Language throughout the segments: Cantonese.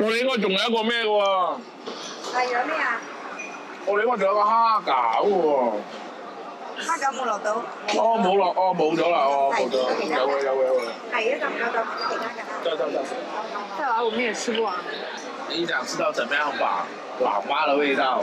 我哋應該仲有一個咩嘅喎？係有咩啊？我哋應該仲有個蝦餃嘅喎。蝦餃冇落到。哦，冇落，哦，冇咗啦，哦，冇咗，有嘅，有嘅，有嘅。係啊，仲有有其他餃。都都都。再話我咩食過啊？你想知道點樣吧，廣州的味道。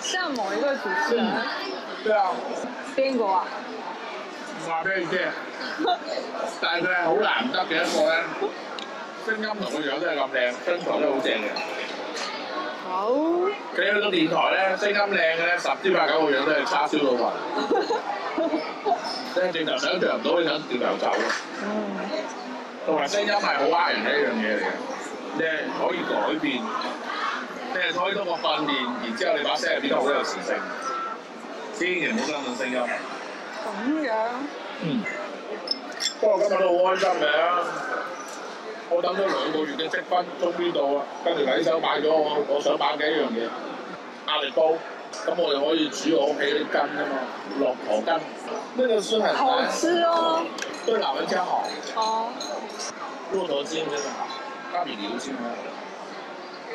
像某一個主持人。對啊。邊個啊？話俾你知。但係佢係好難得嘅一個咧，聲音同個樣都係咁靚，身材都好正嘅。好。佢去到電台咧，聲音靚嘅咧，十之八九個樣都係叉燒老雲，即係轉頭想象唔到，想轉頭走咯。嗯。同埋聲音係好呃人嘅一樣嘢嚟嘅，即係可以改變。即係多通個訓練，然之後你把聲入邊都好有磁性，千祈唔好聽到聲音。咁樣。嗯。不、哦、過今日都好開心嘅，我等咗兩個月嘅積分終於到啦，跟住抵手買咗我，我想買嘅一樣嘢。壓力煲，咁我哋可以煮我屋企啲筋啊嘛，落頭筋！呢、這個算係好吃、啊、哦，對老人家好。哦。鹿頭鮮啫嘛，加料先啦。